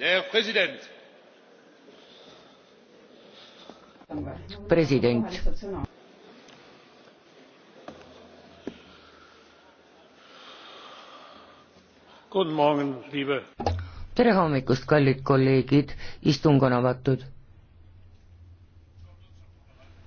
herr präsident! tere hommikust kallid kolleegid istung on avatud.